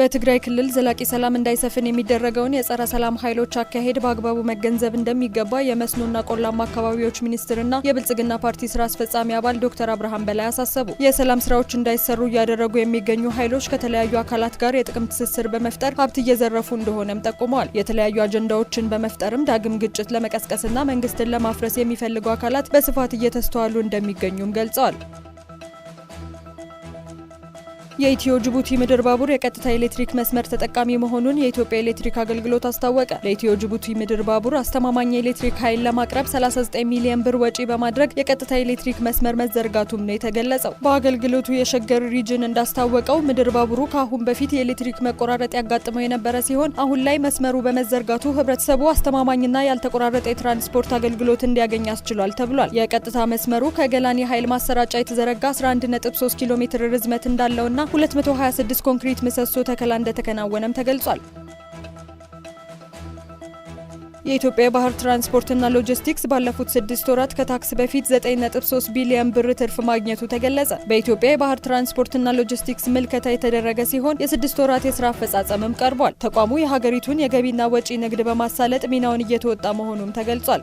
በትግራይ ክልል ዘላቂ ሰላም እንዳይሰፍን የሚደረገውን የጸረ ሰላም ኃይሎች አካሄድ በአግባቡ መገንዘብ እንደሚገባ የመስኖና ቆላማ አካባቢዎች ሚኒስትርና የብልጽግና ፓርቲ ስራ አስፈጻሚ አባል ዶክተር አብርሃም በላይ አሳሰቡ። የሰላም ስራዎች እንዳይሰሩ እያደረጉ የሚገኙ ኃይሎች ከተለያዩ አካላት ጋር የጥቅም ትስስር በመፍጠር ሀብት እየዘረፉ እንደሆነም ጠቁመዋል። የተለያዩ አጀንዳዎችን በመፍጠርም ዳግም ግጭት ለመቀስቀስና መንግስትን ለማፍረስ የሚፈልጉ አካላት በስፋት እየተስተዋሉ እንደሚገኙም ገልጸዋል። የኢትዮ ጅቡቲ ምድር ባቡር የቀጥታ ኤሌክትሪክ መስመር ተጠቃሚ መሆኑን የኢትዮጵያ ኤሌክትሪክ አገልግሎት አስታወቀ። ለኢትዮ ጅቡቲ ምድር ባቡር አስተማማኝ የኤሌክትሪክ ኃይል ለማቅረብ 39 ሚሊዮን ብር ወጪ በማድረግ የቀጥታ ኤሌክትሪክ መስመር መዘርጋቱም ነው የተገለጸው። በአገልግሎቱ የሸገር ሪጅን እንዳስታወቀው ምድር ባቡሩ ከአሁን በፊት የኤሌክትሪክ መቆራረጥ ያጋጥመው የነበረ ሲሆን አሁን ላይ መስመሩ በመዘርጋቱ ህብረተሰቡ አስተማማኝና ያልተቆራረጠ የትራንስፖርት አገልግሎት እንዲያገኝ አስችሏል ተብሏል። የቀጥታ መስመሩ ከገላን የኃይል ማሰራጫ የተዘረጋ 11.3 ኪሎ ሜትር ርዝመት እንዳለውና 226 ኮንክሪት ምሰሶ ተከላ እንደተከናወነም ተገልጿል። የኢትዮጵያ የባህር ትራንስፖርትና ሎጂስቲክስ ባለፉት ስድስት ወራት ከታክስ በፊት 9.3 ቢሊዮን ብር ትርፍ ማግኘቱ ተገለጸ። በኢትዮጵያ የባህር ትራንስፖርትና ሎጂስቲክስ ምልከታ የተደረገ ሲሆን የስድስት ወራት የስራ አፈጻጸምም ቀርቧል። ተቋሙ የሀገሪቱን የገቢና ወጪ ንግድ በማሳለጥ ሚናውን እየተወጣ መሆኑም ተገልጿል።